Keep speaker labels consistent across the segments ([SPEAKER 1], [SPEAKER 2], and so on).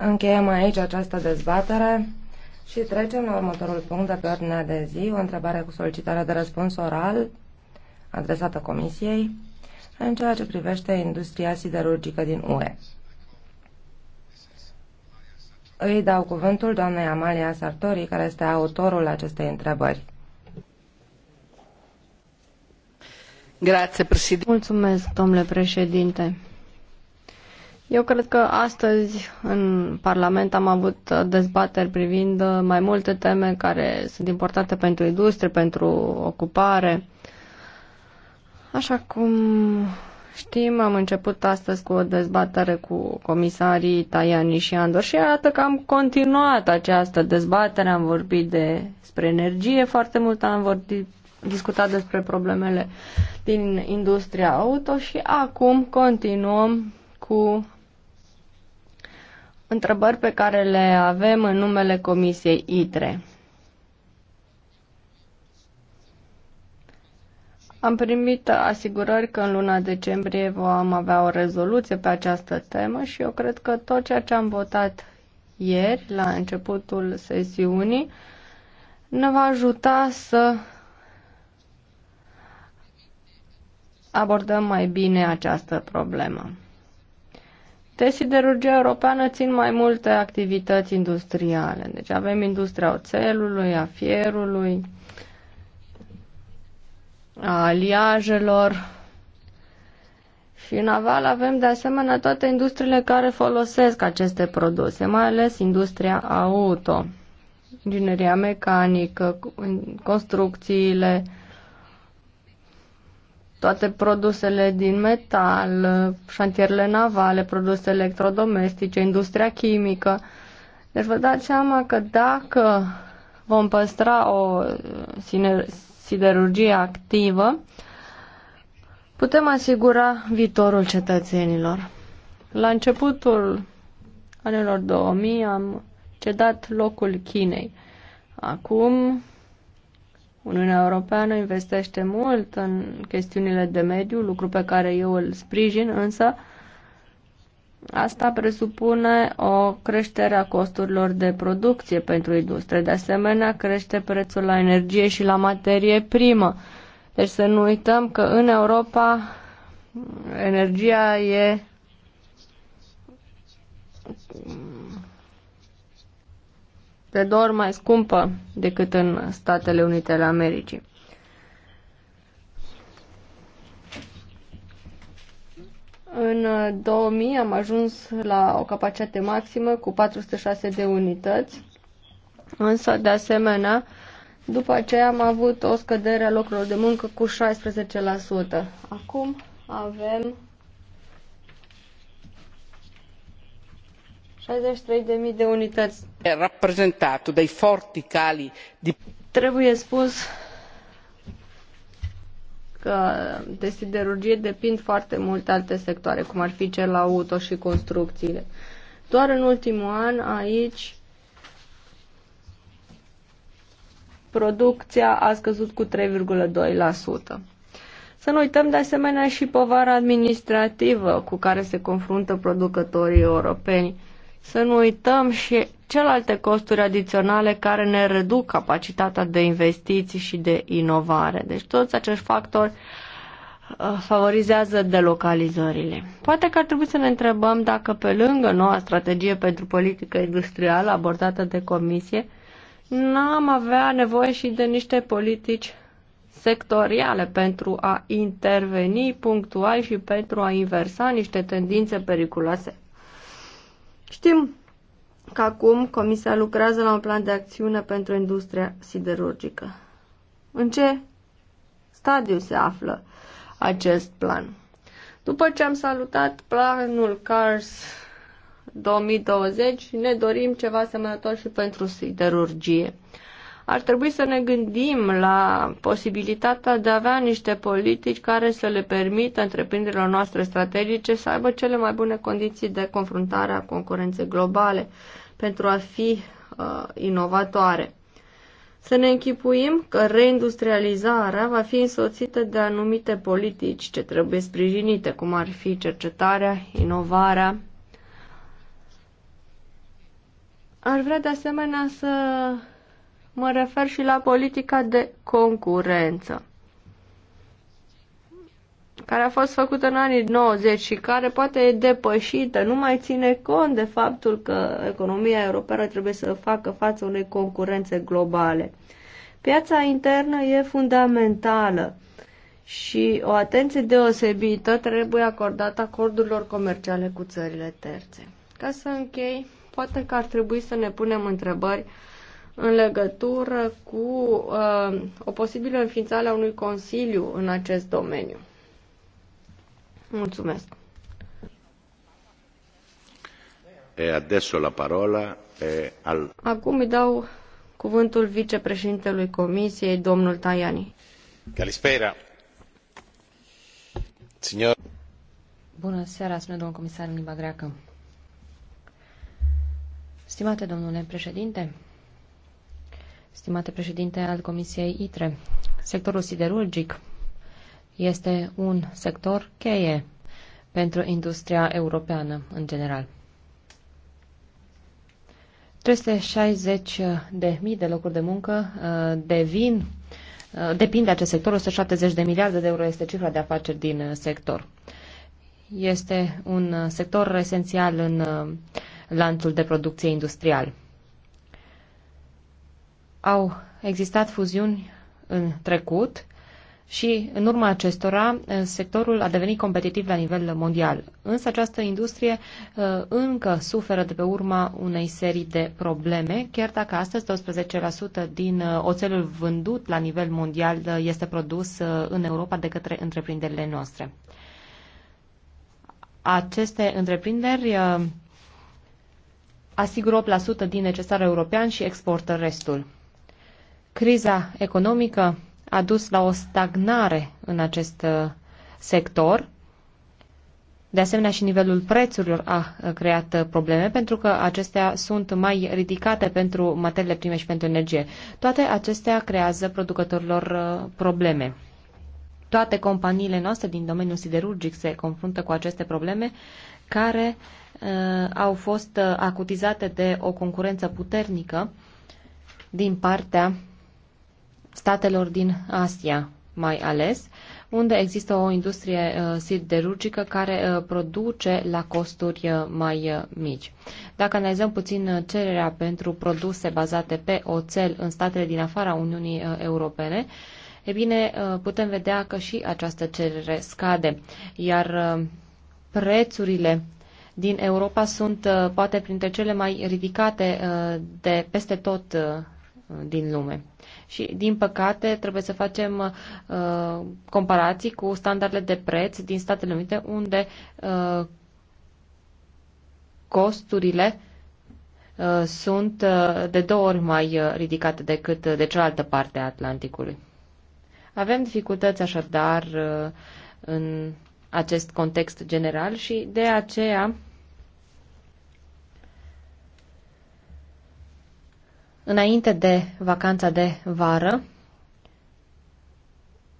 [SPEAKER 1] Încheiem aici această dezbatere și trecem la următorul punct de pe ordinea de zi, o întrebare cu solicitare de răspuns oral adresată Comisiei în ceea ce privește industria siderurgică din UE. Îi dau cuvântul doamnei Amalia Sartori, care este autorul acestei întrebări.
[SPEAKER 2] Mulțumesc, domnule președinte. Eu cred că astăzi în Parlament am avut dezbateri privind mai multe teme care sunt importante pentru industrie, pentru ocupare. Așa cum știm, am început astăzi cu o dezbatere cu comisarii Tajani și Andor și iată că am continuat această dezbatere, am vorbit despre energie foarte mult, am vorbit discutat despre problemele din industria auto și acum continuăm cu întrebări pe care le avem în numele Comisiei ITRE. Am primit asigurări că în luna decembrie vom avea o rezoluție pe această temă și eu cred că tot ceea ce am votat ieri, la începutul sesiunii, ne va ajuta să abordăm mai bine această problemă de siderurgia europeană țin mai multe activități industriale. Deci avem industria oțelului, a fierului, a aliajelor și în aval avem de asemenea toate industriile care folosesc aceste produse, mai ales industria auto, ingineria mecanică, construcțiile, toate produsele din metal, șantierele navale, produse electrodomestice, industria chimică. Deci vă dați seama că dacă vom păstra o siderurgie activă, putem asigura viitorul cetățenilor. La începutul anilor 2000 am cedat locul Chinei. Acum Uniunea Europeană investește mult în chestiunile de mediu, lucru pe care eu îl sprijin, însă asta presupune o creștere a costurilor de producție pentru industrie. De asemenea, crește prețul la energie și la materie primă. Deci să nu uităm că în Europa energia e de două ori mai scumpă decât în Statele Unite ale Americii. În 2000 uh, am ajuns la o capacitate maximă cu 406 de unități, însă, de asemenea, după aceea am avut o scădere a locurilor de muncă cu 16%. Acum avem 63.000 de unități. reprezentat de forti cali Trebuie spus că de siderurgie depind foarte mult alte sectoare, cum ar fi cel auto și construcțiile. Doar în ultimul an aici producția a scăzut cu 3,2%. Să nu uităm de asemenea și povara administrativă cu care se confruntă producătorii europeni să nu uităm și celelalte costuri adiționale care ne reduc capacitatea de investiții și de inovare. Deci toți acești factori uh, favorizează delocalizările. Poate că ar trebui să ne întrebăm dacă pe lângă noua strategie pentru politică industrială abordată de comisie, n-am avea nevoie și de niște politici sectoriale pentru a interveni punctual și pentru a inversa niște tendințe periculoase Știm că acum Comisia lucrează la un plan de acțiune pentru industria siderurgică. În ce stadiu se află acest plan? După ce am salutat planul CARS 2020, ne dorim ceva asemănător și pentru siderurgie ar trebui să ne gândim la posibilitatea de a avea niște politici care să le permită întreprinderilor noastre strategice să aibă cele mai bune condiții de confruntare a concurenței globale pentru a fi uh, inovatoare. Să ne închipuim că reindustrializarea va fi însoțită de anumite politici ce trebuie sprijinite, cum ar fi cercetarea, inovarea. Ar vrea de asemenea să Mă refer și la politica de concurență care a fost făcută în anii 90 și care poate e depășită, nu mai ține cont de faptul că economia europeană trebuie să facă față unei concurențe globale. Piața internă e fundamentală și o atenție deosebită trebuie acordată acordurilor comerciale cu țările terțe. Ca să închei, poate că ar trebui să ne punem întrebări în legătură cu uh, o posibilă înființare a unui consiliu în acest domeniu. Mulțumesc. E adesso la parola e al... Acum îi dau cuvântul vicepreședintelui Comisiei, domnul Tajani.
[SPEAKER 3] Calispera. Signor... Bună seara, spune domnul comisar în limba greacă. Stimate domnule președinte, stimate președinte al Comisiei ITRE. Sectorul siderurgic este un sector cheie pentru industria europeană în general. 360 de mii de locuri de muncă uh, devin, uh, depind de acest sector, 170 de miliarde de euro este cifra de afaceri din uh, sector. Este un sector esențial în lanțul de producție industrial. Au existat fuziuni în trecut și în urma acestora eh, sectorul a devenit competitiv la nivel mondial. Însă această industrie eh, încă suferă de pe urma unei serii de probleme, chiar dacă astăzi 12% din eh, oțelul vândut la nivel mondial este produs în Europa de către întreprinderile noastre. Aceste întreprinderi asigură 8% din necesarul european și exportă restul. Criza economică a dus la o stagnare în acest uh, sector. De asemenea, și nivelul prețurilor a uh, creat uh, probleme pentru că acestea sunt mai ridicate pentru materiile prime și pentru energie. Toate acestea creează producătorilor probleme. Toate companiile noastre din domeniul siderurgic se confruntă cu aceste probleme care uh, au fost acutizate de o concurență puternică din partea statelor din Asia, mai ales, unde există o industrie uh, siderurgică care uh, produce la costuri uh, mai mici. Dacă analizăm puțin cererea pentru produse bazate pe oțel în statele din afara Uniunii Europene, e bine, putem vedea că și această cerere scade, iar prețurile din Europa sunt poate printre cele mai ridicate de peste tot din lume și, din păcate, trebuie să facem uh, comparații cu standardele de preț din Statele Unite, unde uh, costurile uh, sunt uh, de două ori mai uh, ridicate decât de cealaltă parte a Atlanticului. Avem dificultăți așadar în acest context general și de aceea Înainte de vacanța de vară,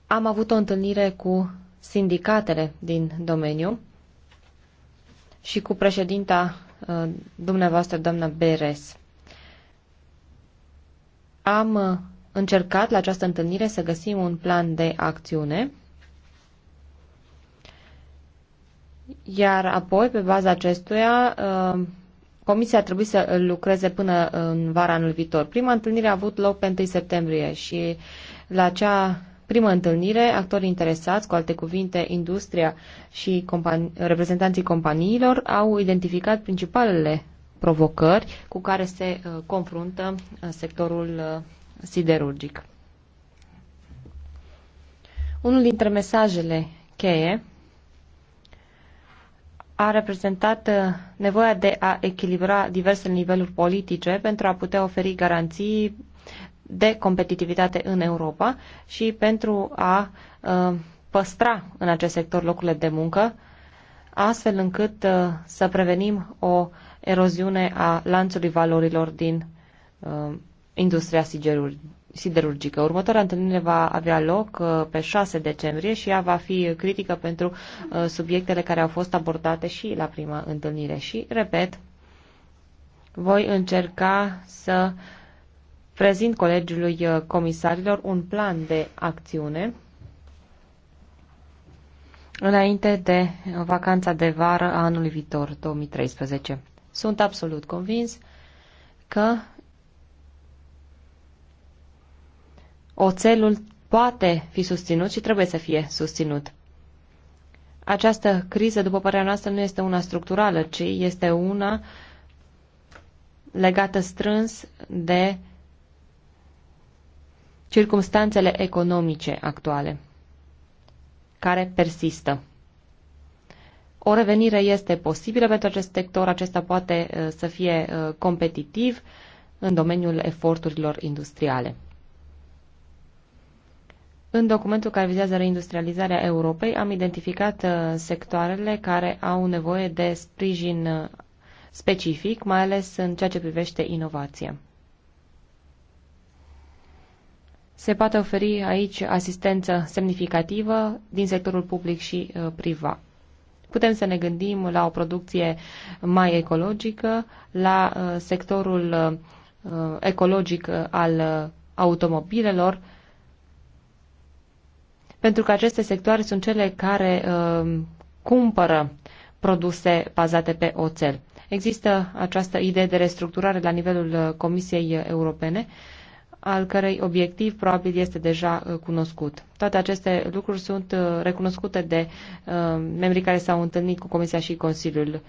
[SPEAKER 3] am avut o întâlnire cu sindicatele din domeniu și cu președinta uh, dumneavoastră, doamna Beres. Am uh, încercat la această întâlnire să găsim un plan de acțiune, iar apoi, pe baza acestuia, uh, Comisia trebuie să lucreze până în vara anul viitor. Prima întâlnire a avut loc pe 1 septembrie și la acea primă întâlnire, actorii interesați, cu alte cuvinte, industria și companii, reprezentanții companiilor, au identificat principalele provocări cu care se uh, confruntă uh, sectorul uh, siderurgic. Unul dintre mesajele cheie a reprezentat uh, nevoia de a echilibra diversele niveluri politice pentru a putea oferi garanții de competitivitate în Europa și pentru a uh, păstra în acest sector locurile de muncă, astfel încât uh, să prevenim o eroziune a lanțului valorilor din industria sigerului siderurgică. Următoarea întâlnire va avea loc uh, pe 6 decembrie și ea va fi critică pentru uh, subiectele care au fost abordate și la prima întâlnire. Și, repet, voi încerca să prezint colegiului uh, comisarilor un plan de acțiune înainte de vacanța de vară a anului viitor, 2013. Sunt absolut convins că Oțelul poate fi susținut și trebuie să fie susținut. Această criză, după părerea noastră, nu este una structurală, ci este una legată strâns de circumstanțele economice actuale, care persistă. O revenire este posibilă pentru acest sector, acesta poate uh, să fie uh, competitiv în domeniul eforturilor industriale. În documentul care vizează reindustrializarea Europei am identificat uh, sectoarele care au nevoie de sprijin uh, specific, mai ales în ceea ce privește inovația. Se poate oferi aici asistență semnificativă din sectorul public și uh, privat. Putem să ne gândim la o producție mai ecologică, la sectorul ecologic al automobilelor, pentru că aceste sectoare sunt cele care uh, cumpără produse bazate pe oțel. Există această idee de restructurare la nivelul uh, Comisiei Europene, al cărei obiectiv probabil este deja uh, cunoscut. Toate aceste lucruri sunt uh, recunoscute de uh, membrii care s-au întâlnit cu Comisia și Consiliul.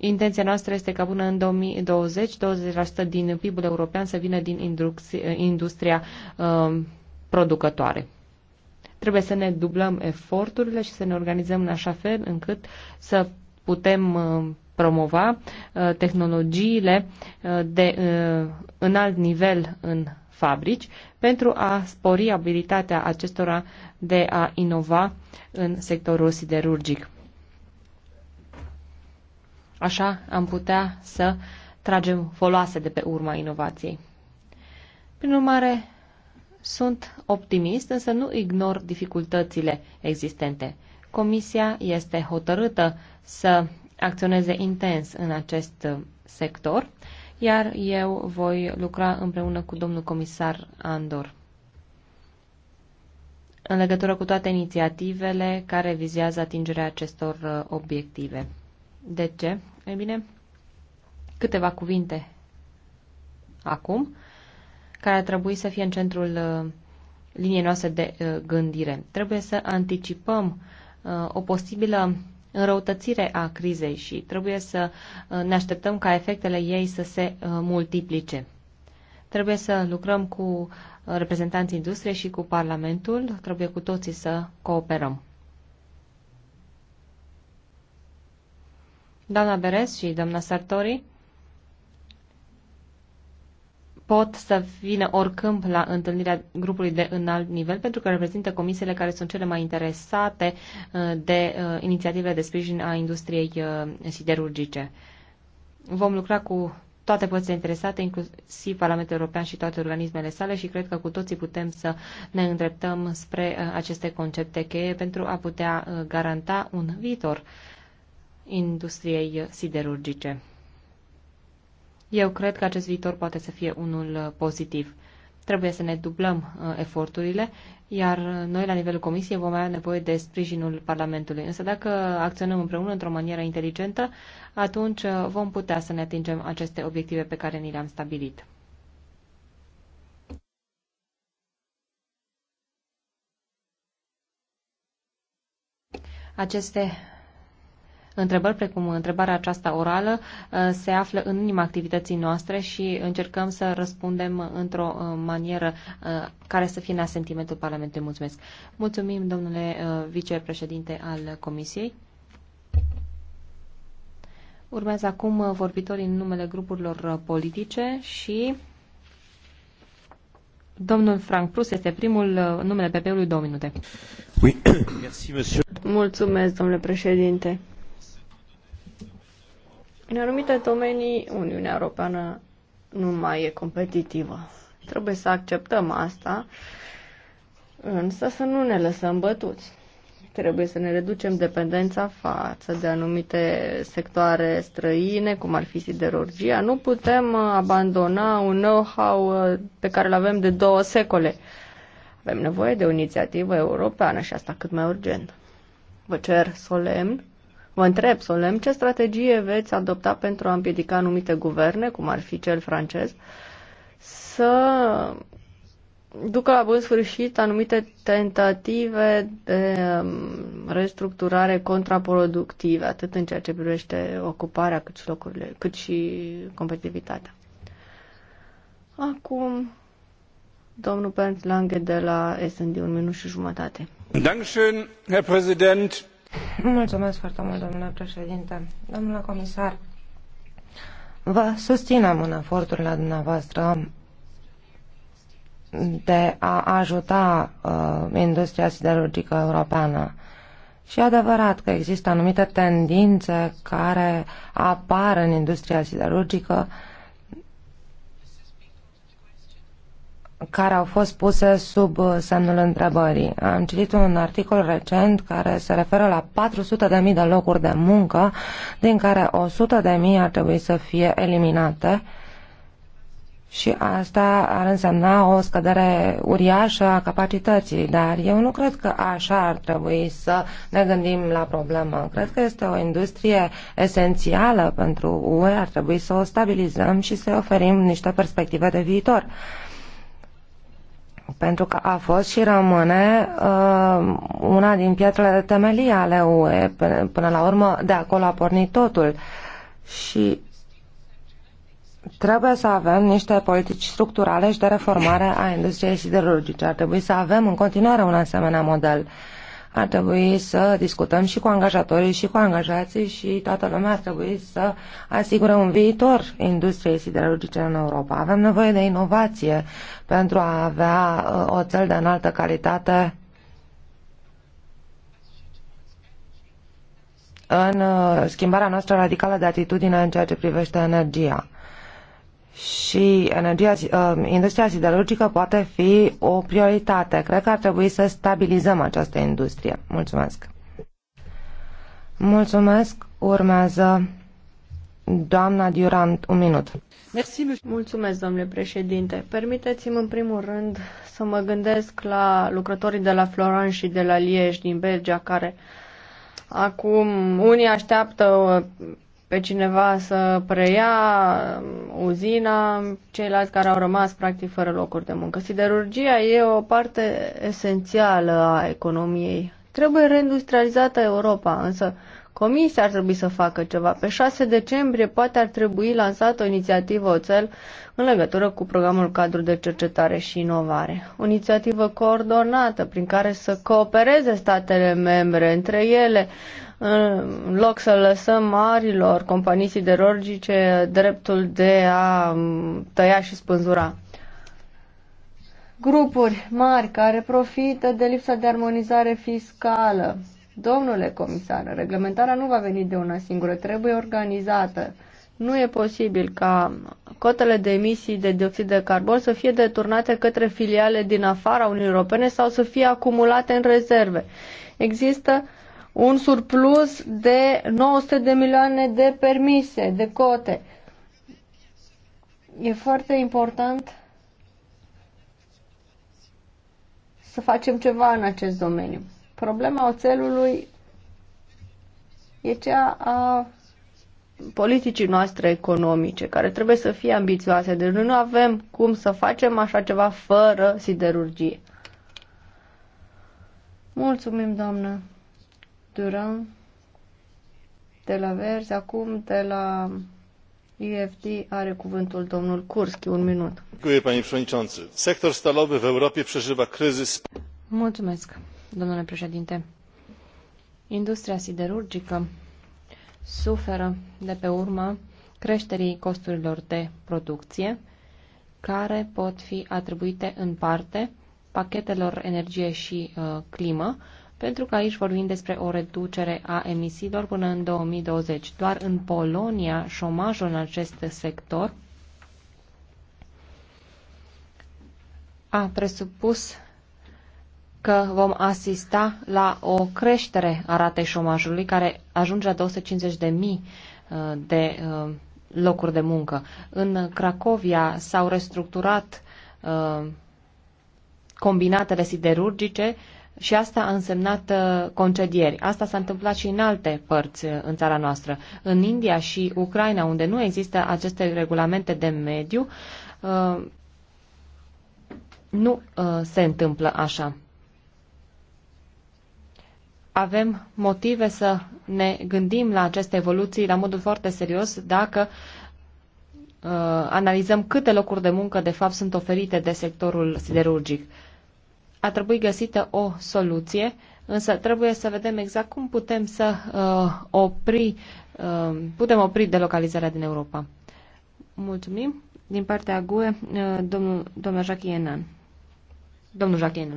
[SPEAKER 3] Intenția noastră este ca până în 2020, 20% din PIB-ul european să vină din industria uh, producătoare. Trebuie să ne dublăm eforturile și să ne organizăm în așa fel încât să putem uh, promova uh, tehnologiile uh, de înalt nivel în fabrici pentru a spori abilitatea acestora de a inova în sectorul siderurgic. Așa am putea să tragem foloase de pe urma inovației. Prin urmare, sunt optimist, însă nu ignor dificultățile existente. Comisia este hotărâtă să acționeze intens în acest sector, iar eu voi lucra împreună cu domnul comisar Andor în legătură cu toate inițiativele care vizează atingerea acestor uh, obiective. De ce? Ei bine, câteva cuvinte acum care ar trebui să fie în centrul uh, liniei noastre de uh, gândire. Trebuie să anticipăm uh, o posibilă înrăutățire a crizei și trebuie să ne așteptăm ca efectele ei să se multiplice. Trebuie să lucrăm cu reprezentanții industriei și cu Parlamentul, trebuie cu toții să cooperăm. Doamna Beres și doamna Sartori, pot să vină oricând la întâlnirea grupului de înalt nivel, pentru că reprezintă comisiile care sunt cele mai interesate uh, de uh, inițiativele de sprijin a industriei uh, siderurgice. Vom lucra cu toate părțile interesate, inclusiv Parlamentul European și toate organismele sale și cred că cu toții putem să ne îndreptăm spre aceste concepte cheie pentru a putea garanta un viitor industriei siderurgice. Eu cred că acest viitor poate să fie unul uh, pozitiv. Trebuie să ne dublăm uh, eforturile, iar noi, la nivelul Comisiei, vom avea nevoie de sprijinul Parlamentului. Însă dacă acționăm împreună într-o manieră inteligentă, atunci uh, vom putea să ne atingem aceste obiective pe care ni le-am stabilit. Aceste Întrebări precum întrebarea aceasta orală uh, se află în inima activității noastre și încercăm să răspundem într-o uh, manieră uh, care să fie în asentimentul Parlamentului. Mulțumesc. Mulțumim, domnule vicepreședinte al Comisiei. Urmează acum vorbitorii în numele grupurilor politice și domnul Frank Prus este primul numele PP-ului două minute.
[SPEAKER 2] Oui.
[SPEAKER 3] Mulțumesc, domnule președinte.
[SPEAKER 2] În anumite domenii, Uniunea Europeană nu mai e competitivă. Trebuie să acceptăm asta, însă să nu ne lăsăm bătuți. Trebuie să ne reducem dependența față de anumite sectoare străine, cum ar fi siderurgia. Nu putem uh, abandona un know-how uh, pe care îl avem de două secole. Avem nevoie de o inițiativă europeană și asta cât mai urgent. Vă cer solemn Vă întreb solemn ce strategie veți adopta pentru a împiedica anumite guverne, cum ar fi cel francez, să ducă la bun sfârșit anumite tentative de um, restructurare contraproductive, atât în ceea ce privește ocuparea, cât și locurile, cât și competitivitatea. Acum,
[SPEAKER 1] domnul Bernd Lange de la S&D, un minut și jumătate.
[SPEAKER 2] Dankeschön, Herr Präsident.
[SPEAKER 1] Mulțumesc foarte mult, domnule președinte. Domnule comisar, vă susținem în eforturile dumneavoastră de a ajuta uh, industria siderurgică europeană. Și adevărat că există anumite tendințe care apar în industria siderurgică uh, care au fost puse sub uh, semnul întrebării. Am citit un articol recent care se referă la 400.000 de locuri de muncă, din care 100.000 ar trebui să fie eliminate și asta ar însemna o scădere uriașă a capacității, dar eu nu cred că așa ar trebui să ne gândim la problemă. Cred că este o industrie esențială pentru UE, ar trebui să o stabilizăm și să oferim niște perspective de viitor. Uh, pentru că a fost și rămâne uh, una din pietrele de temelie ale UE. Până la urmă, de acolo a pornit totul. Și trebuie să avem niște politici structurale și de reformare a industriei siderurgice. Ar trebui să avem în continuare un asemenea model. Uh, ar trebui să discutăm și cu angajatorii și cu angajații și toată lumea ar trebui să asigure un viitor industriei siderurgice în Europa. Avem nevoie de inovație pentru a avea uh, oțel de înaltă calitate în uh, schimbarea noastră radicală de atitudine în ceea ce privește energia și energia, uh, industria siderurgică poate fi o prioritate. Cred că ar trebui să stabilizăm această industrie. Mulțumesc! Mulțumesc! Urmează doamna Durant, un minut.
[SPEAKER 2] Mulțumesc, domnule președinte. Permiteți-mi în primul rând să mă gândesc la lucrătorii de la Florence și de la Liege din Belgia care acum unii așteaptă pe cineva să preia um, uzina, ceilalți care au rămas practic fără locuri de muncă. Siderurgia e o parte esențială a economiei. Trebuie reindustrializată Europa, însă Comisia ar trebui să facă ceva. Pe 6 decembrie poate ar trebui lansată o inițiativă oțel în legătură cu programul cadru de cercetare și inovare. O inițiativă coordonată prin care să coopereze statele membre între ele, uh, în loc să lăsăm marilor companii siderurgice dreptul de a tăia și spânzura. Grupuri mari care profită de lipsa de armonizare fiscală. Domnule comisar, reglementarea nu va veni de una singură, trebuie organizată. Nu e posibil ca cotele de emisii de dioxid de carbon să fie deturnate către filiale din afara Uniunii Europene sau să fie acumulate în rezerve. Există un surplus de 900 de milioane de permise, de cote. E foarte important să facem ceva în acest domeniu. Problema oțelului e cea a politicii noastre economice, care trebuie să fie ambițioase. Deci noi nu avem cum să facem așa ceva fără siderurgie. Mulțumim, doamnă. Duran de la Verzi, acum de la EFD are cuvântul domnul Kurski, un minut.
[SPEAKER 3] Panie Przewodniczący. Sektor stalowy w Europie przeżywa kryzys. Mulțumesc, domnule președinte. Industria siderurgică suferă de pe urma creșterii costurilor de producție, care pot fi atribuite în parte pachetelor energie și uh, climă, pentru că aici vorbim despre o reducere a emisiilor până în 2020. Doar în Polonia, șomajul în acest sector a presupus că vom asista la o creștere a ratei șomajului care ajunge la 250.000 de uh, uh, locuri de muncă. În Cracovia s-au restructurat uh, combinatele siderurgice și asta a însemnat uh, concedieri. Asta s-a întâmplat și în alte părți uh, în țara noastră. În India și Ucraina, unde nu există aceste regulamente de mediu, uh, nu se întâmplă așa. Avem motive să ne gândim la aceste evoluții la modul foarte serios dacă analizăm câte locuri de muncă de fapt sunt oferite de sectorul siderurgic a trebui găsită o soluție, însă trebuie să vedem exact cum putem să uh, opri, uh, putem opri delocalizarea din Europa. Mulțumim. Din partea GUE, uh, domnul, domnul Jacques Domnul Jacques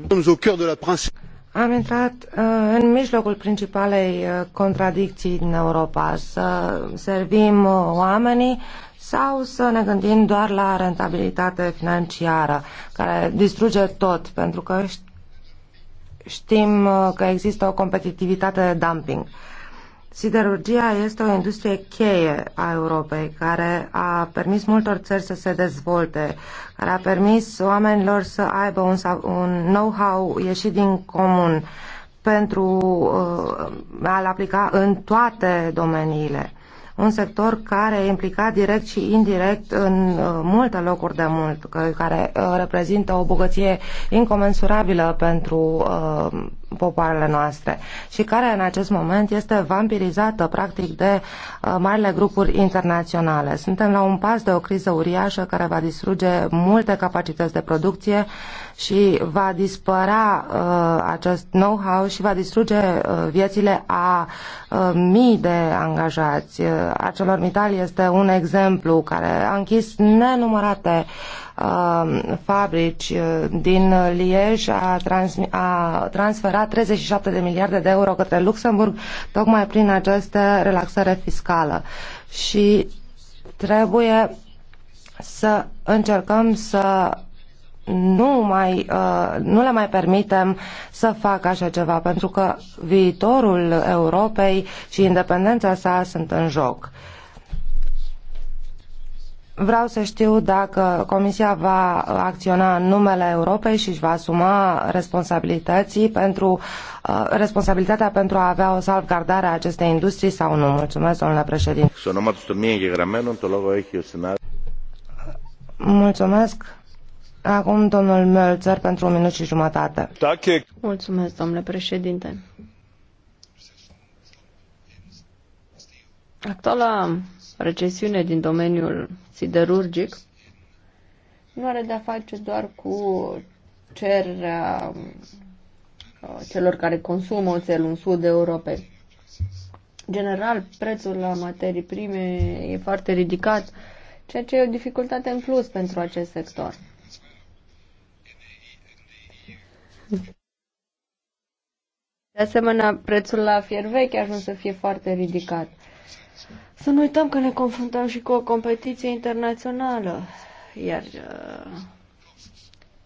[SPEAKER 1] Am intrat uh, în mijlocul principalei uh, contradicții din Europa, să servim uh, oamenii, sau să ne gândim doar la rentabilitate financiară, care distruge tot, pentru că știm uh, că există o competitivitate de dumping. Siderurgia este o industrie cheie a Europei, care a permis multor țări să se dezvolte, care a permis oamenilor să aibă un, un know-how ieșit din comun pentru uh, a-l aplica în toate domeniile un sector care e implicat direct și indirect în uh, multe locuri de mult, care uh, reprezintă o bogăție incomensurabilă pentru uh, popoarele noastre și care în acest moment este vampirizată practic de uh, marile grupuri internaționale. Suntem la un pas de o criză uriașă care va distruge multe capacități de producție și va dispărea uh, acest know-how și va distruge uh, viețile a uh, mii de angajați. Uh, ArcelorMittal este un exemplu care a închis nenumărate uh, Uh, fabrici uh, din Liege a, trans, a transferat 37 de miliarde de euro către Luxemburg tocmai prin această relaxare fiscală. Și trebuie să încercăm să nu, mai, uh, nu le mai permitem să facă așa ceva, pentru că viitorul Europei și independența sa sunt în joc. Vreau să știu dacă Comisia va acționa în numele Europei și își va asuma responsabilității pentru, uh, responsabilitatea pentru a avea o salvgardare a acestei industrii sau nu. Mulțumesc, domnule președinte. Mulțumesc. Acum domnul Mölzer pentru un minut și jumătate.
[SPEAKER 2] Mulțumesc, domnule președinte. Actuala recesiune din domeniul siderurgic nu are de-a face doar cu cererea uh, celor care consumă oțelul în sud Europei. General, prețul la materii prime e foarte ridicat, ceea ce e o dificultate în plus pentru acest sector. De asemenea, prețul la fier vechi a ajuns să fie foarte ridicat. Să nu uităm că ne confruntăm și cu o competiție internațională, iar uh,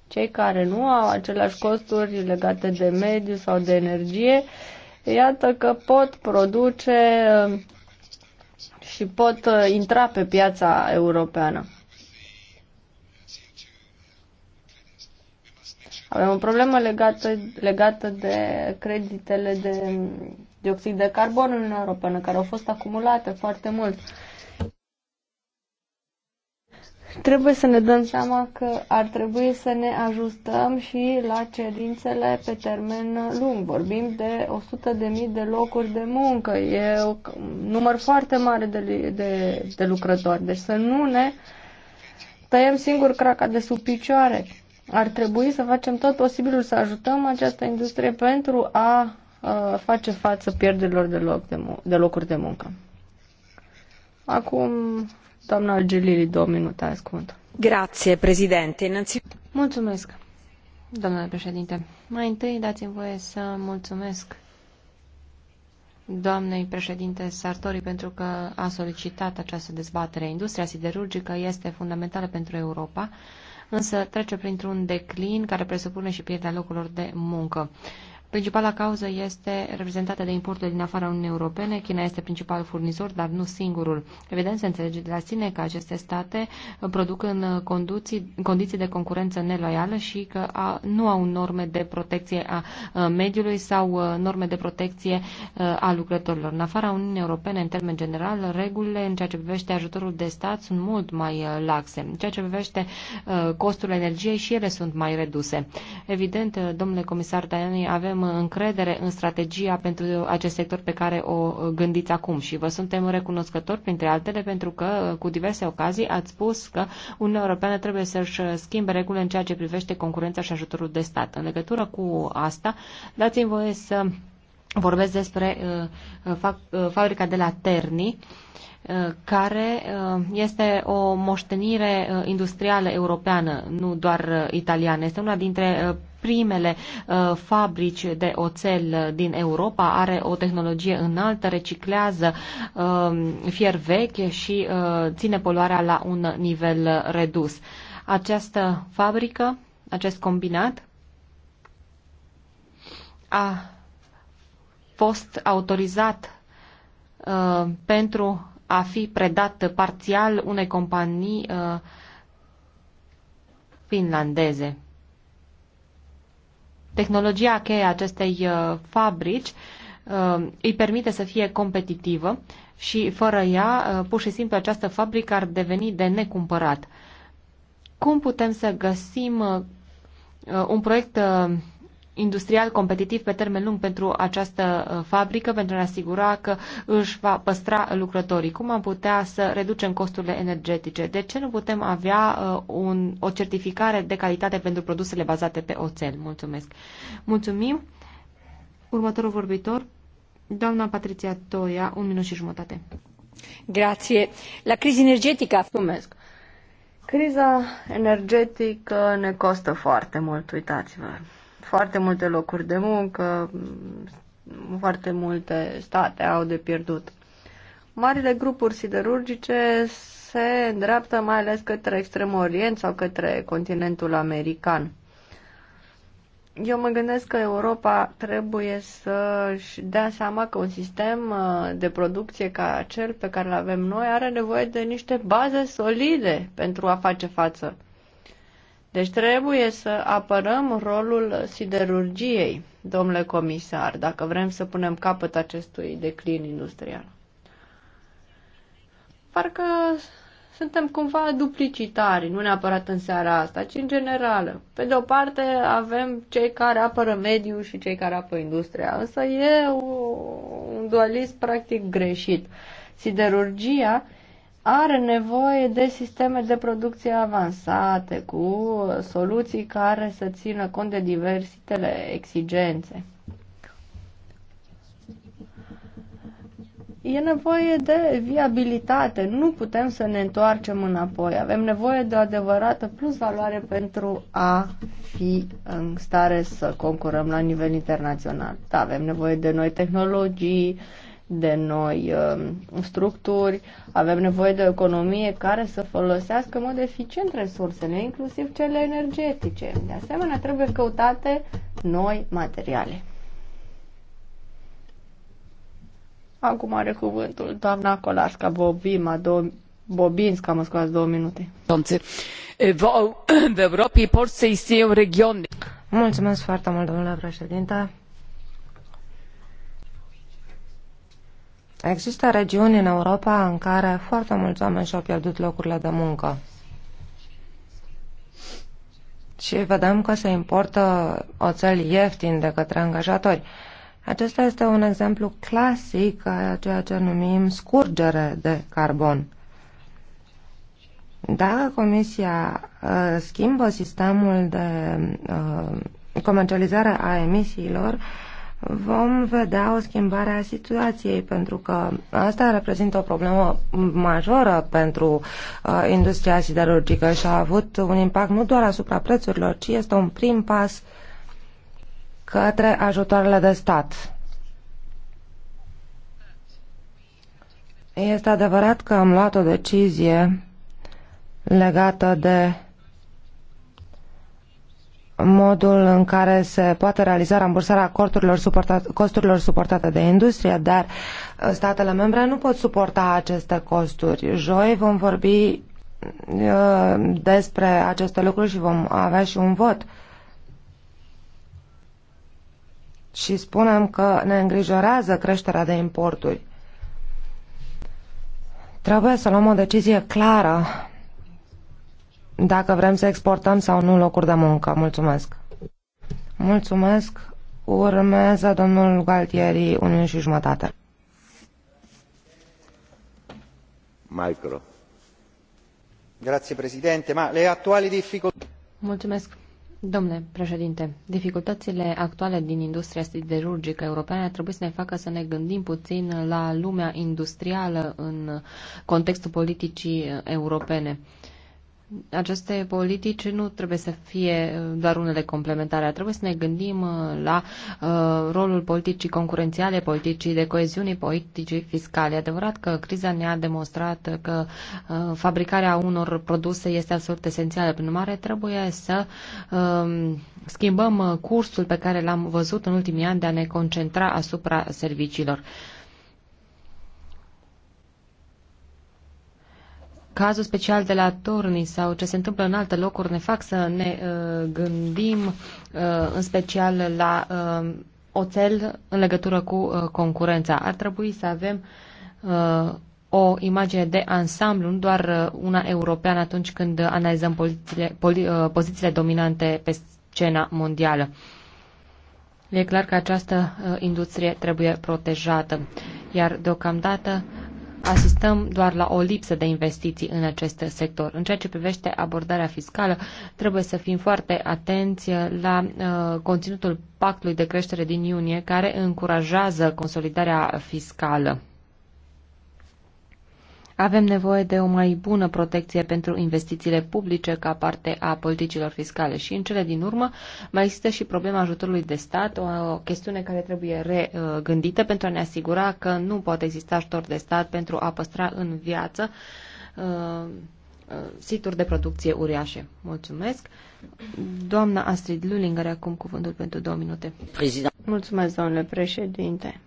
[SPEAKER 2] cei care nu au aceleași costuri legate de mediu sau de energie, iată că pot produce uh, și pot uh, intra pe piața europeană. Avem o problemă legată, legată de creditele de dioxid de carbon în Uniunea Europeană, care au fost acumulate foarte mult. Trebuie să ne dăm seama că ar trebui să ne ajustăm și la cerințele pe termen lung. Vorbim de 100.000 de locuri de muncă. E un număr foarte mare de, de, de lucrători. Deci să nu ne tăiem singur craca de sub picioare. Ar trebui să facem tot posibilul să ajutăm această industrie pentru a Uh, face față pierderilor de, loc de, de locuri de muncă. Acum, doamna Algelili, două minute, ascult.
[SPEAKER 3] Grație, președinte. Înăți... Mulțumesc, domnule președinte. Mai întâi dați-mi voie să mulțumesc doamnei președinte Sartori pentru că a solicitat această dezbatere. Industria siderurgică este fundamentală pentru Europa, însă trece printr-un declin care presupune și pierderea locurilor de muncă. Principala cauză este reprezentată de importurile din afara Uniunii Europene. China este principal furnizor, dar nu singurul. Evident, se înțelege de la sine că aceste state produc în condiții, de concurență neloială și că nu au norme de protecție a mediului sau norme de protecție a lucrătorilor. În afara Uniunii Europene, în termen general, regulile în ceea ce privește ajutorul de stat sunt mult mai laxe. În ceea ce privește costurile energiei și ele sunt mai reduse. Evident, domnule comisar Tajani, avem avem încredere în strategia pentru acest sector pe care o gândiți acum și vă suntem recunoscători, printre altele, pentru că cu diverse ocazii ați spus că Uniunea Europeană trebuie să-și schimbe regulile în ceea ce privește concurența și ajutorul de stat. În legătură cu asta, dați-mi voie să vorbesc despre uh, uh, fabrica de la Terni care uh, este o moștenire uh, industrială europeană, nu doar uh, italiană. Este una dintre primele fabrici de oțel din Europa, are o tehnologie înaltă, reciclează um, fier vechi și ține poluarea la un nivel redus. Această fabrică, acest combinat, a fost autorizat pentru a fi predat parțial unei companii uh, finlandeze. Tehnologia cheie a acestei uh, fabrici uh, îi permite să fie competitivă și fără ea, uh, pur și simplu, această fabrică ar deveni de necumpărat. Cum putem să găsim uh, un proiect uh, industrial competitiv pe termen lung pentru această uh, fabrică, pentru a ne asigura că își va păstra lucrătorii? Cum am putea să reducem costurile energetice? De ce nu putem avea uh, un, o certificare de calitate pentru produsele bazate pe oțel? Mulțumesc! Mulțumim! Următorul vorbitor, doamna Patricia Toia, un minut și jumătate. Grație. La criza energetică. Mulțumesc.
[SPEAKER 2] Criza energetică ne costă foarte mult, uitați-vă foarte multe locuri de muncă, foarte multe state au de pierdut. Marile grupuri siderurgice se îndreaptă mai ales către Extremul Orient sau către continentul american. Eu mă gândesc că Europa trebuie să-și dea seama că un sistem uh, de producție ca cel pe care îl avem noi are nevoie de niște baze solide pentru a face față deci trebuie să apărăm rolul siderurgiei, domnule comisar, dacă vrem să punem capăt acestui declin industrial. Parcă suntem cumva duplicitari, nu neapărat în seara asta, ci în generală. Pe de o parte avem cei care apără mediul și cei care apără industria, însă e un dualism practic greșit. Siderurgia are nevoie de sisteme de producție avansate, cu soluții care să țină cont de diversitele exigențe. E nevoie de viabilitate, nu putem să ne întoarcem înapoi. Avem nevoie de o adevărată plus valoare pentru a fi în stare să concurăm la nivel internațional. Da, avem nevoie de noi tehnologii, uh, de noi uh, structuri, avem nevoie de o economie care să folosească în mod eficient resursele, inclusiv cele energetice. De asemenea, trebuie căutate noi materiale. Acum are cuvântul doamna Colasca Bobima, două, Bobinska, mă
[SPEAKER 3] scuzați, două minute. În Europa, Polsce este un region.
[SPEAKER 1] Mulțumesc foarte mult, domnule președinte. Există regiuni în Europa în care foarte mulți oameni și-au pierdut locurile de muncă. Și vedem că se importă oțel ieftin de către angajatori. Acesta este un exemplu clasic a ceea ce numim scurgere de carbon. Dacă Comisia uh, schimbă sistemul de uh, comercializare a emisiilor, uh, vom vedea o schimbare a situației, pentru că asta reprezintă o problemă majoră pentru uh, industria siderurgică și a avut un impact nu doar asupra prețurilor, ci este un prim pas către ajutoarele de stat. Este adevărat că am luat o decizie legată de modul în care se poate realiza rambursarea costurilor suportate, costurilor suportate de industrie, dar uh, statele membre nu pot suporta aceste costuri. Joi vom vorbi uh, despre aceste lucruri și vom avea și un vot. Și spunem că ne îngrijorează creșterea de importuri. Trebuie să luăm o decizie clară dacă vrem să exportăm sau nu locuri de muncă. Mulțumesc. Mulțumesc. Urmează domnul Galtieri, un și jumătate.
[SPEAKER 2] Micro. Grazie, Ma le
[SPEAKER 3] Mulțumesc. Domnule președinte, dificultățile actuale din industria siderurgică europeană trebuie să ne facă să ne gândim puțin la lumea industrială în contextul politicii europene. Uh, aceste politici nu trebuie să fie uh, doar unele complementare. Trebuie să ne gândim uh, la uh, rolul politicii concurențiale, politicii de coeziune, politicii fiscale. adevărat că criza ne-a demonstrat că uh, fabricarea unor produse este absolut esențială. Prin urmare, trebuie să um, uh, schimbăm cursul pe care l-am văzut în ultimii ani de a ne concentra asupra serviciilor. Uh, cazul special de la Torni sau ce se întâmplă în alte locuri ne fac să ne uh, gândim uh, în special la uh, oțel în legătură cu uh, concurența. Ar trebui să avem uh, o imagine de ansamblu, nu doar uh, una europeană atunci când analizăm pozițiile, poli, uh, pozițiile dominante pe scena mondială. E clar că această uh, industrie trebuie protejată, iar deocamdată uh, asistăm doar la o lipsă de investiții în acest sector. În ceea ce privește abordarea fiscală, trebuie să fim foarte atenți la uh, conținutul pactului de creștere din iunie, care încurajează consolidarea fiscală. Avem nevoie de o mai bună protecție pentru investițiile publice ca parte a politicilor fiscale și, în cele din urmă, mai există și problema ajutorului de stat, o chestiune care trebuie regândită pentru a ne asigura că nu poate exista ajutor de stat pentru a păstra în viață uh, uh, situri de producție uriașe. Mulțumesc. Doamna Astrid Lulinger, acum cuvântul pentru două minute. Mulțumesc, domnule președinte.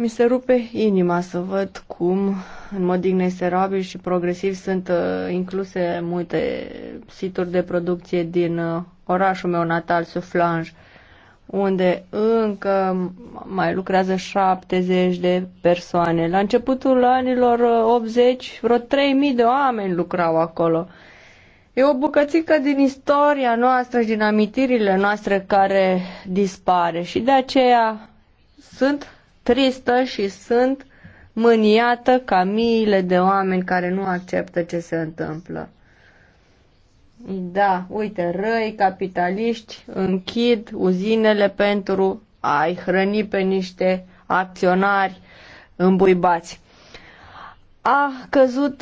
[SPEAKER 2] Mi se rupe inima să văd cum, în mod ignesterabil și progresiv, sunt uh, incluse multe situri de producție din uh, orașul meu natal, Suflange, unde încă mai lucrează 70 de persoane. La începutul anilor 80, uh, vreo 3000 de oameni lucrau acolo. E o bucățică din istoria noastră și din amintirile noastre care dispare și de aceea sunt tristă și sunt mâniată ca miile de oameni care nu acceptă ce se întâmplă. Da, uite, răi capitaliști închid uzinele pentru a-i hrăni pe niște acționari îmbuibați. A căzut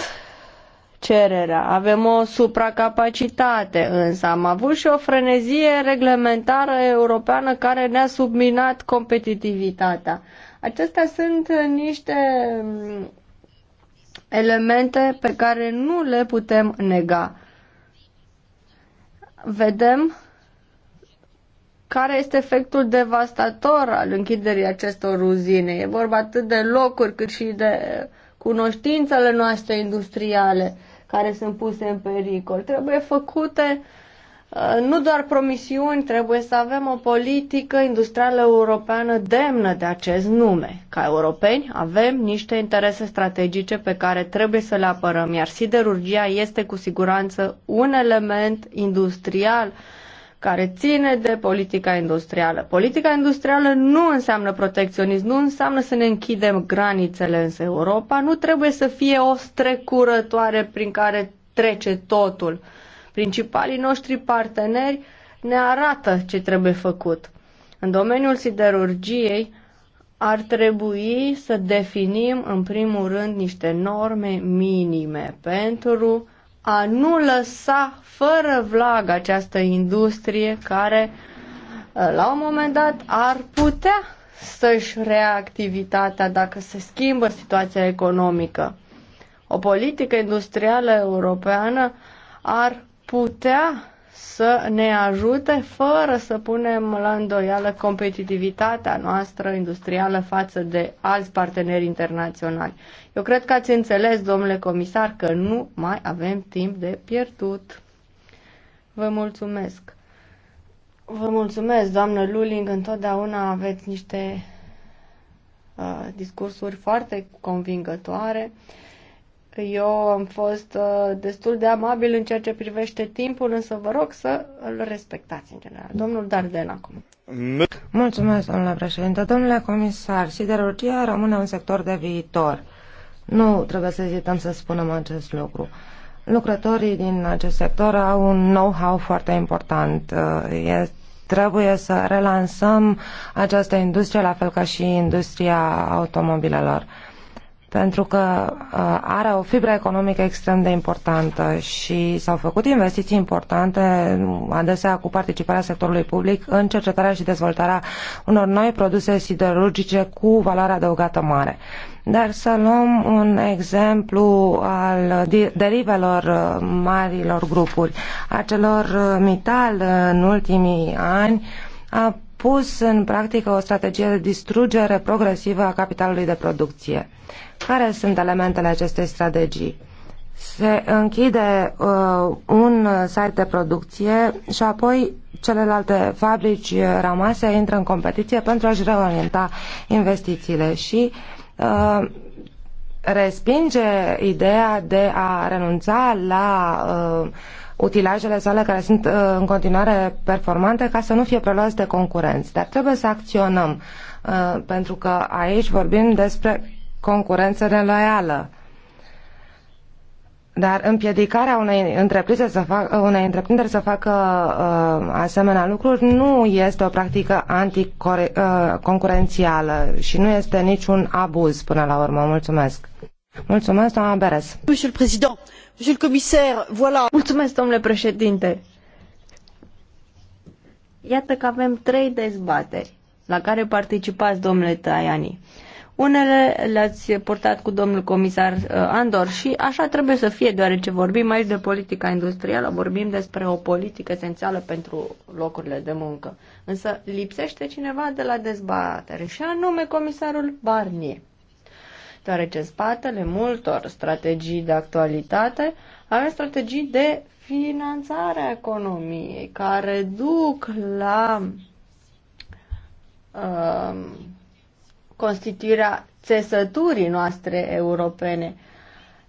[SPEAKER 2] cererea, avem o supracapacitate, însă am avut și o frenezie reglementară europeană care ne-a subminat competitivitatea. Acestea sunt uh, niște um, elemente pe care nu le putem nega. Vedem care este efectul devastator al închiderii acestor uzine. E vorba atât de locuri cât și de cunoștințele noastre industriale care sunt puse în pericol. Trebuie făcute uh, Uh, nu doar promisiuni, trebuie să avem o politică industrială europeană demnă de acest nume. Ca europeni avem niște interese strategice pe care trebuie să le apărăm, iar siderurgia este cu siguranță un element industrial care ține de politica industrială. Politica industrială nu înseamnă protecționism, nu înseamnă să ne închidem granițele, în Europa nu trebuie să fie o strecurătoare prin care trece totul. Principalii noștri parteneri ne arată ce trebuie făcut. În domeniul siderurgiei ar trebui să definim în primul rând niște norme minime pentru a nu lăsa fără vlag această industrie care eh, la un moment dat ar putea să-și rea activitatea dacă se schimbă situația economică. O politică industrială europeană ar putea să ne ajute fără să punem la îndoială competitivitatea noastră industrială față de alți parteneri internaționali. Eu cred că ați înțeles, domnule comisar, că nu mai avem timp de pierdut. Vă mulțumesc. Vă mulțumesc, doamnă Luling, întotdeauna aveți niște uh, discursuri foarte convingătoare. Eu am fost uh, destul de amabil în ceea ce privește timpul, însă vă rog să îl
[SPEAKER 1] respectați în general. Domnul Darden acum. Mulțumesc, domnule președinte. Domnule comisar, siderurgia rămâne un sector de viitor. Nu trebuie să ezităm să spunem acest lucru. Lucrătorii din acest sector au un know-how foarte important. Uh, e trebuie să relansăm această industrie, la fel ca și industria automobilelor pentru că uh, are o fibră economică extrem de importantă și s-au făcut investiții importante, adesea cu participarea sectorului public, în cercetarea și dezvoltarea unor noi produse siderurgice cu valoare adăugată mare. Dar să luăm un exemplu al derivelor uh, marilor grupuri. Acelor uh, mital în ultimii ani a pus în practică o strategie de distrugere progresivă a capitalului de producție. Care sunt elementele acestei strategii? Se închide uh, un site de producție și apoi celelalte fabrici rămase intră în competiție pentru a-și reorienta investițiile și uh, respinge ideea de a renunța la uh, utilajele sale care sunt uh, în continuare performante ca să nu fie preluați de concurenți. Dar trebuie să acționăm uh, pentru că aici vorbim despre concurență neloială. Dar împiedicarea unei întreprinderi să, fac, uh, unei întreprinderi să facă uh, asemenea lucruri nu este o practică anticoncurențială uh, și nu este niciun abuz până la urmă. Mulțumesc! Mulțumesc, doamna Beres. Monsieur le
[SPEAKER 2] Président, Monsieur le Commissaire, voilà. Mulțumesc, domnule președinte. Iată că avem trei dezbateri la care participați, domnule Tajani. Unele le-ați portat cu domnul comisar uh, Andor și așa trebuie să fie, deoarece vorbim aici de politica industrială, vorbim despre o politică esențială pentru locurile de muncă. Însă lipsește cineva de la dezbatere și anume comisarul Barnier deoarece în spatele multor strategii de actualitate avem strategii de finanțare a economiei care duc la uh, constituirea țesăturii noastre europene.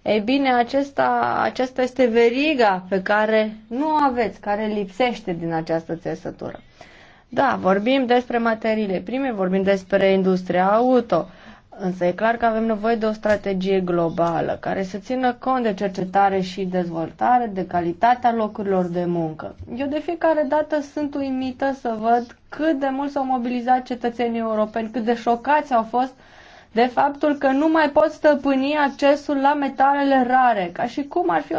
[SPEAKER 2] Ei bine, acesta, acesta este veriga pe care nu o aveți, care lipsește din această țesătură. Da, vorbim despre materiile prime, vorbim despre industria auto, Însă e clar că avem nevoie de o strategie globală care să țină cont de cercetare și dezvoltare, de calitatea locurilor de muncă. Eu de fiecare dată sunt uimită să văd cât de mult s-au mobilizat cetățenii europeni, cât de șocați au fost uh, de faptul că nu mai pot stăpâni accesul la metalele rare, ca și cum ar fi o,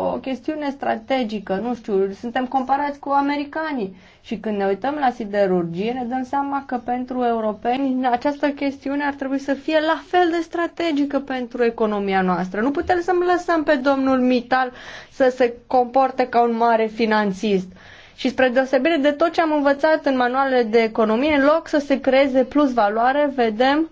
[SPEAKER 2] o chestiune strategică, nu știu, suntem comparați cu americanii. Și când ne uităm la siderurgie, ne dăm seama că pentru europeni această chestiune ar trebui să fie la fel de strategică pentru economia noastră. Nu putem să-mi lăsăm pe domnul Mital să se comporte ca un mare finanțist. Și spre deosebire de tot ce am învățat în manualele de economie, în loc să se creeze plus valoare, vedem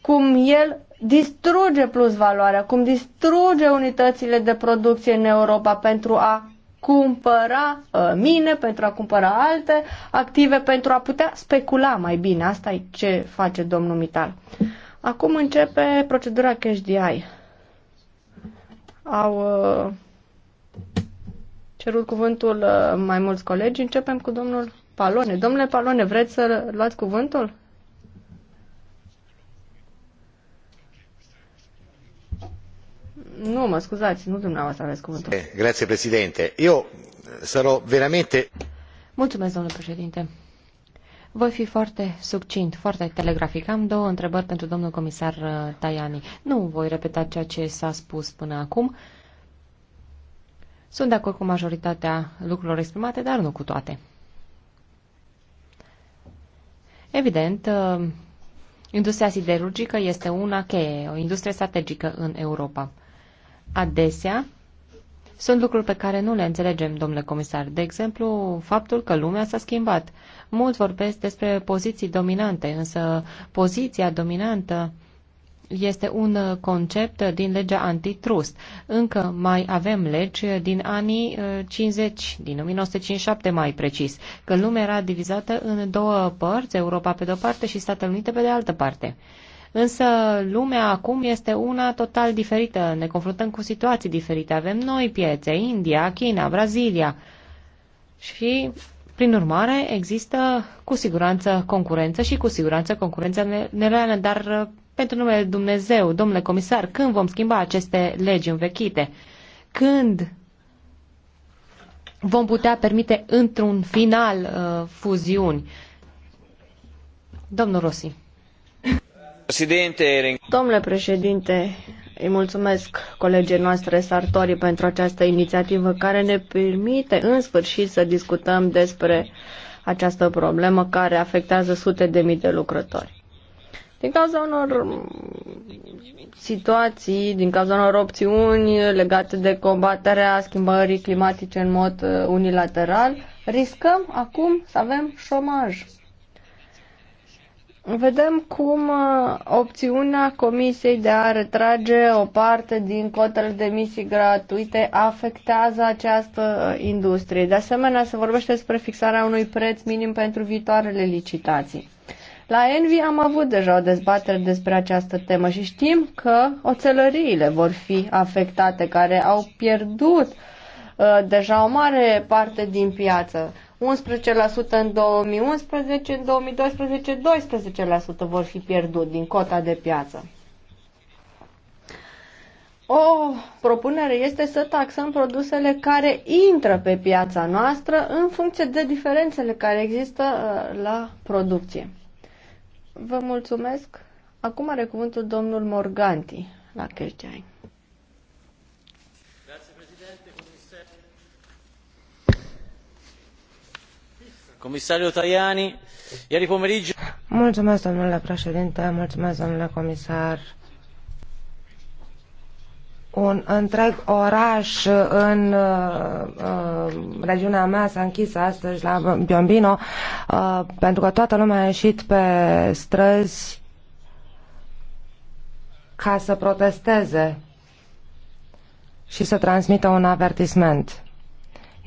[SPEAKER 2] cum el distruge plus valoarea, cum distruge unitățile de producție în Europa pentru a cumpăra uh, mine, pentru a cumpăra alte active, pentru a putea specula mai bine. Asta e ce face domnul Mital. Acum începe procedura cash DI. Au uh, cerut cuvântul uh, mai mulți colegi. Începem cu domnul Palone. Domnule Palone, vreți să luați cuvântul? Nu, mă
[SPEAKER 3] scuzați, nu dumneavoastră aveți cuvântul.
[SPEAKER 2] Eh, grazie, președinte. Eu sarò veramente...
[SPEAKER 3] Mulțumesc, domnule președinte. Voi fi foarte succint, foarte telegrafic. Am două întrebări pentru domnul comisar uh, Tajani. Nu voi repeta ceea ce s-a spus până acum. Sunt de acord cu majoritatea lucrurilor exprimate, dar nu cu toate. Evident, uh, industria siderurgică este una cheie, o industrie strategică în Europa adesea sunt lucruri pe care nu le înțelegem, domnule comisar. De exemplu, faptul că lumea s-a schimbat. Mult vorbesc despre poziții dominante, însă poziția dominantă este un concept din legea antitrust. Încă mai avem legi din anii 50, uh, din 1957 mai precis, că lumea era divizată în două părți, Europa pe de-o parte și Statele Unite pe de altă parte. Însă lumea acum este una total diferită. Ne confruntăm cu situații diferite. Avem noi piețe, India, China, Brazilia. Și, prin urmare, există cu siguranță concurență și cu siguranță concurența neloială, dar uh, pentru numele Dumnezeu, domnule comisar, când vom schimba aceste legi învechite? Când vom putea permite într-un final uh, fuziuni? Domnul Rossi. Domnule președinte, îi mulțumesc colegii noastre
[SPEAKER 2] Sartori pentru această inițiativă care ne permite în sfârșit să discutăm despre această problemă care afectează sute de mii de lucrători. Din cauza unor situații, din cauza unor opțiuni legate de combaterea schimbării climatice în mod uh, unilateral, riscăm acum să avem șomaj Vedem cum uh, opțiunea Comisiei de a retrage o parte din cotele de emisii gratuite afectează această uh, industrie. De asemenea, se vorbește despre fixarea unui preț minim pentru viitoarele licitații. La Envi am avut deja o dezbatere despre această temă și știm că oțelăriile vor fi afectate, care au pierdut uh, deja o mare parte din piață. 11% în 2011, în 2012 12% vor fi pierdut din cota de piață. O propunere este să taxăm produsele care intră pe piața noastră în funcție de diferențele care există uh, la producție. Vă mulțumesc. Acum are cuvântul domnul Morganti la Kerchai. Comisariul Tajani, ieri pomeriggio...
[SPEAKER 1] Mulțumesc, domnule președinte, mulțumesc, domnule comisar un întreg oraș în uh, uh, regiunea mea s-a închis astăzi la Biombino uh, pentru că toată lumea a ieșit pe străzi ca să protesteze și să transmită un avertisment.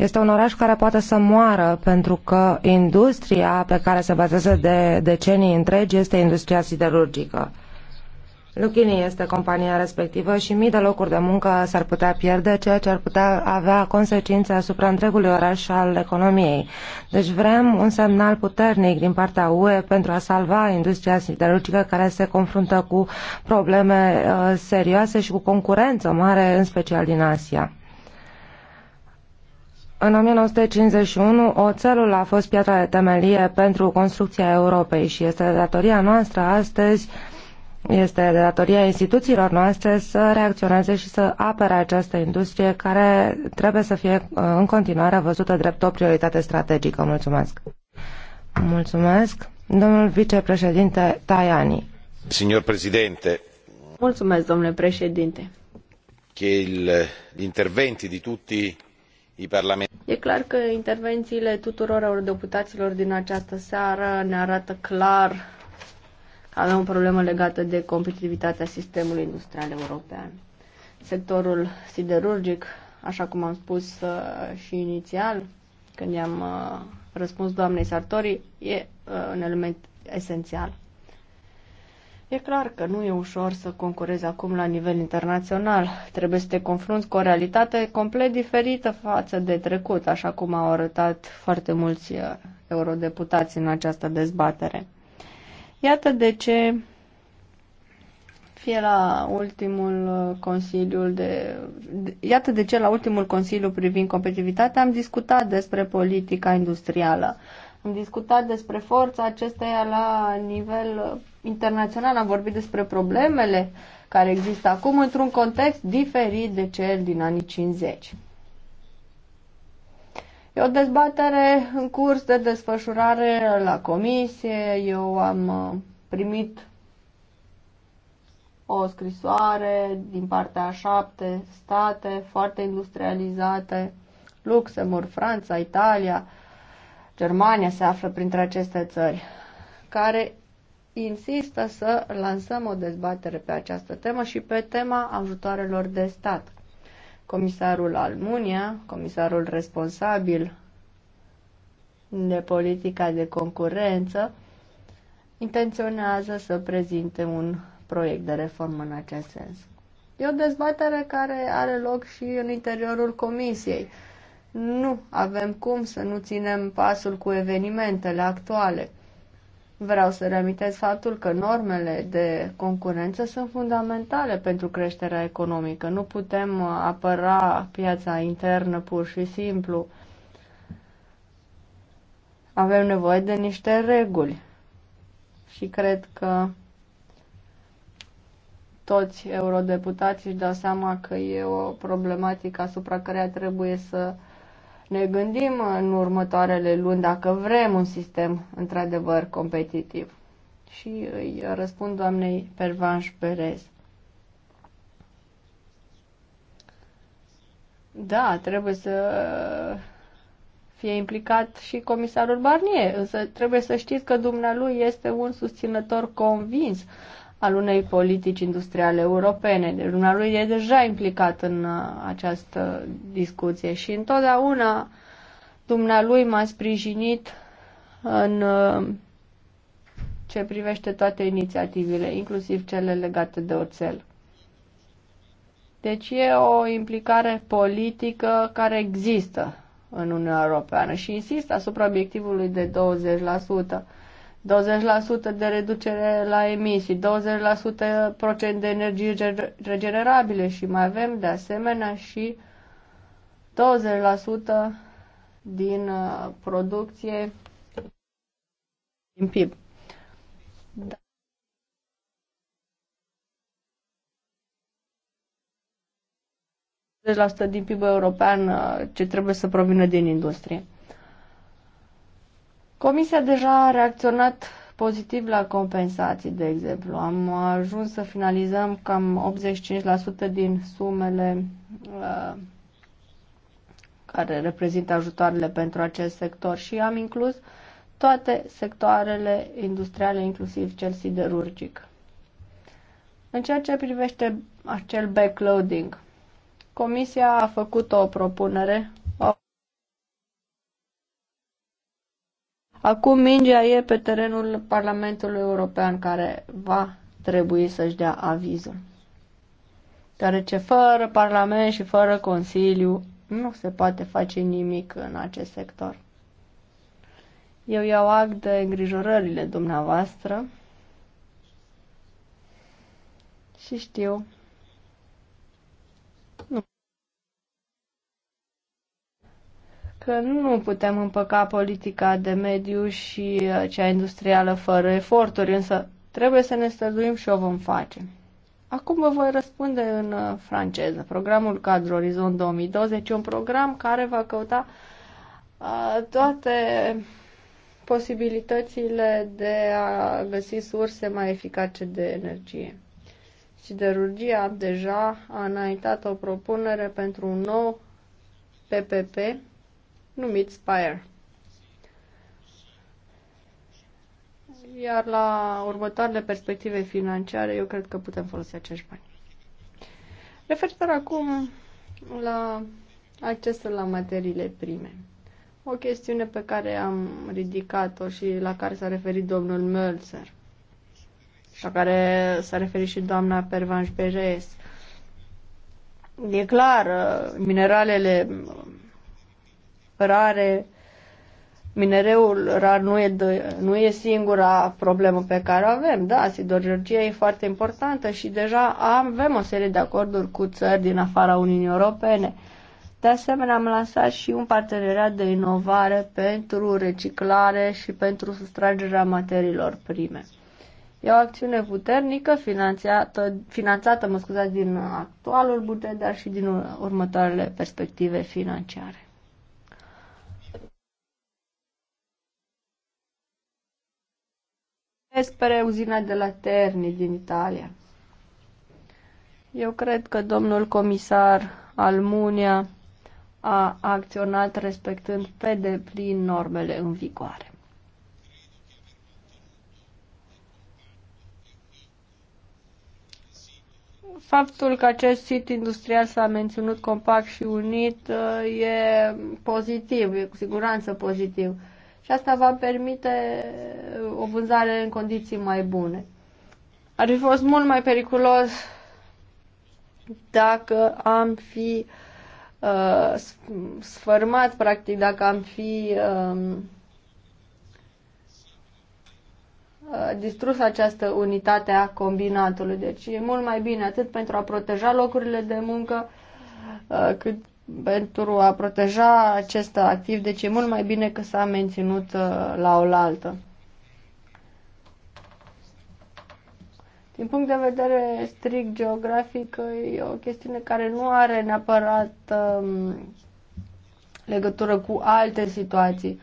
[SPEAKER 1] Este un oraș care poate să moară pentru că industria pe care se bazează de decenii întregi este industria siderurgică. Luchini este compania respectivă și mii de locuri de muncă s-ar putea pierde, ceea ce ar putea avea consecințe asupra întregului oraș al economiei. Deci vrem un semnal puternic din partea UE pentru a salva industria siderurgică care se confruntă cu probleme uh, serioase și cu concurență mare, în special din Asia. În 1951, oțelul a fost piatra de temelie pentru construcția Europei și este de datoria noastră astăzi, este de datoria instituțiilor noastre să reacționeze și să apere această industrie care trebuie să fie uh, în continuare văzută drept o prioritate strategică. Mulțumesc! Mulțumesc! Domnul vicepreședinte Tajani.
[SPEAKER 2] Signor președinte.
[SPEAKER 1] Mulțumesc, domnule președinte.
[SPEAKER 2] Che il, gli interventi di tutti E clar că intervențiile tuturor eurodeputaților din această seară ne arată clar că avem o problemă legată de competitivitatea sistemului industrial european. Sectorul siderurgic, așa cum am spus uh, și inițial, când i-am uh, răspuns doamnei Sartori, e uh, un element esențial. E clar că nu e ușor să concurezi acum la nivel internațional. Trebuie să te confrunți cu o realitate complet diferită față de trecut, așa cum au arătat foarte mulți uh, eurodeputați în această dezbatere. Iată de ce fie la ultimul uh, de, de, iată de ce la ultimul consiliu privind competitivitatea am discutat despre politica industrială. Am discutat despre forța acesteia la nivel uh, internațional, am vorbit despre problemele care există acum într-un context diferit de cel din anii 50. E o dezbatere în curs de desfășurare la comisie. Eu am uh, primit o scrisoare din partea a șapte state foarte industrializate, Luxemburg, Franța, Italia, Germania se află printre aceste țări, care insistă să lansăm o dezbatere pe această temă și pe tema ajutoarelor de stat. Comisarul Almunia, comisarul responsabil de politica de concurență, intenționează să prezinte un proiect de reformă în acest sens. E o dezbatere care are loc și în interiorul comisiei. Nu avem cum să nu ținem pasul cu evenimentele actuale. Vreau să reamintesc faptul că normele de concurență sunt fundamentale pentru creșterea economică. Nu putem apăra piața internă pur și simplu. Avem nevoie de niște reguli și cred că toți eurodeputații își dau seama că e o problematică asupra care trebuie să ne gândim în următoarele luni dacă vrem un sistem într-adevăr competitiv. Și îi răspund doamnei Pervanș Perez. Da, trebuie să fie implicat și comisarul Barnier, însă trebuie să știți că dumnealui este un susținător convins al unei politici industriale europene. Deci dumnealui e deja implicat în uh, această discuție și întotdeauna dumnealui m-a sprijinit în uh, ce privește toate inițiativele, inclusiv cele legate de oțel. Deci e o implicare politică care există în Uniunea Europeană și insist asupra obiectivului de 20%. 20% de reducere la emisii, 20% procent de energie regenerabile și mai avem de asemenea și 20% din uh, producție din PIB. Da. din PIB european uh, ce trebuie să provină din industrie. Comisia deja a reacționat pozitiv la compensații, de exemplu. Am ajuns să finalizăm cam 85% din sumele uh, care reprezintă ajutoarele pentru acest sector și am inclus toate sectoarele industriale, inclusiv cel siderurgic. În ceea ce privește acel backloading, Comisia a făcut o propunere Acum mingea e pe terenul Parlamentului European care va trebui să-și dea avizul. Deoarece fără Parlament și fără Consiliu nu se poate face nimic în acest sector. Eu iau act de îngrijorările dumneavoastră și știu că nu putem împăca politica de mediu și uh, cea industrială fără eforturi, însă trebuie să ne străduim și o vom face. Acum vă voi răspunde în uh, franceză. Programul Cadru Orizont 2020 e un program care va căuta uh, toate posibilitățile de a găsi surse mai eficace de energie. Siderurgia deja a înaintat o propunere pentru un nou PPP numit Spire. Iar la următoarele perspective financiare, eu cred că putem folosi acești bani. Referitor acum la accesul la materiile prime. O chestiune pe care am ridicat-o și la care s-a referit domnul Mölzer și la care s-a referit și doamna Pervanș Beres. E clar, mineralele rare. Minereul rar nu e, de, nu e singura problemă pe care o avem. Da, siderurgia e foarte importantă și deja avem o serie de acorduri cu țări din afara Uniunii Europene. De asemenea, am lansat și un parteneriat de inovare pentru reciclare și pentru sustragerea materiilor prime. E o acțiune puternică finanțată, finanțată mă scuzați, din actualul buget, dar și din următoarele perspective financiare. despre uzina de la Terni din Italia. Eu cred că domnul comisar Almunia a acționat respectând pe deplin normele în vigoare. Faptul că acest sit industrial s-a menținut compact și unit uh, e pozitiv, e cu siguranță pozitiv și asta va permite uh, o vânzare în condiții mai bune. Ar fi fost mult mai periculos dacă am fi uh, sfărmat, practic, dacă am fi um, uh, distrus această unitate a combinatului. Deci e mult mai bine atât pentru a proteja locurile de muncă, uh, cât pentru a proteja acest activ, deci e mult mai bine că s-a menținut uh, la oaltă. Din punct de vedere strict geografic, e o chestiune care nu are neapărat um, legătură cu alte situații.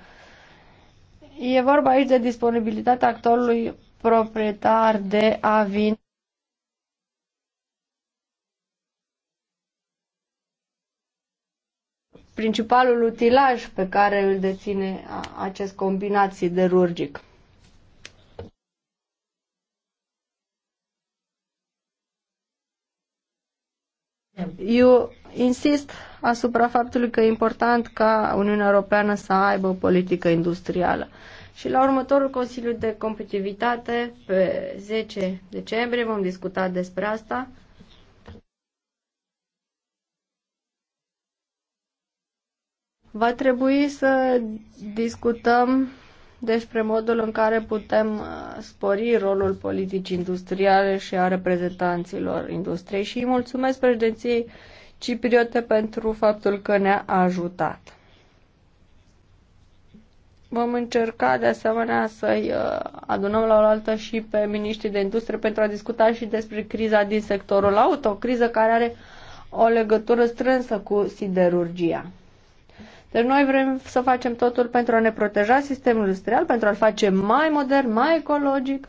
[SPEAKER 2] E vorba aici de disponibilitatea actorului proprietar de a vinde principalul utilaj pe care îl deține acest combinat siderurgic. Eu insist asupra faptului că e important ca Uniunea Europeană să aibă o politică industrială. Și la următorul Consiliu de Competitivitate, pe 10 decembrie, vom discuta despre asta. Va trebui să discutăm despre modul în care putem uh, spori rolul politicii industriale și a reprezentanților industriei și îi mulțumesc președinției cipriote pentru faptul că ne-a ajutat. Vom încerca de asemenea să-i uh, adunăm la oaltă și pe miniștrii de industrie pentru a discuta și despre criza din sectorul auto, o criză care are o legătură strânsă cu siderurgia. Deci noi vrem să facem totul pentru a ne proteja sistemul industrial, pentru a-l face mai modern, mai ecologic.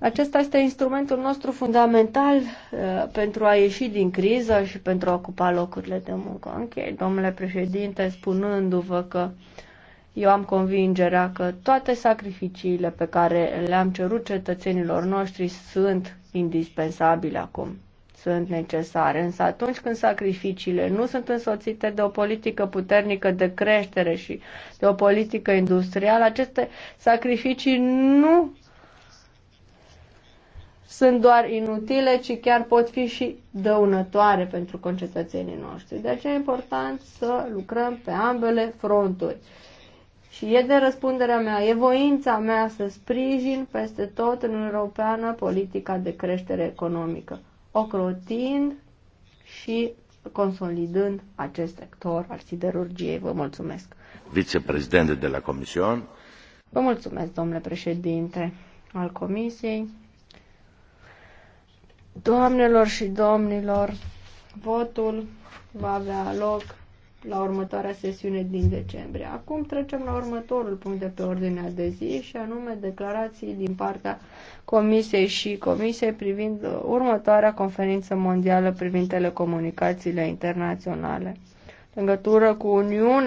[SPEAKER 2] Acesta este instrumentul nostru fundamental uh, pentru a ieși din criză și pentru a ocupa locurile de muncă. Ok, domnule președinte, spunându-vă că eu am convingerea că toate sacrificiile pe care le-am cerut cetățenilor noștri sunt indispensabile acum sunt necesare, însă atunci când sacrificiile nu sunt însoțite de o politică puternică de creștere și de o politică industrială, aceste sacrificii nu sunt doar inutile, ci chiar pot fi și dăunătoare pentru concetățenii noștri. De aceea e important să lucrăm pe ambele fronturi. Și e de răspunderea mea, e voința mea să sprijin peste tot în Europeană politica de creștere economică ocrotind și consolidând acest sector al siderurgiei. Vă mulțumesc. Vicepreședinte de la Comision. Vă mulțumesc, domnule președinte al Comisiei. Doamnelor și domnilor, votul va avea loc la următoarea sesiune din decembrie. Acum trecem la următorul punct de pe ordinea de zi și anume declarații din partea Comisiei și Comisiei privind uh, următoarea conferință mondială privind telecomunicațiile internaționale. Legătură cu Uniunea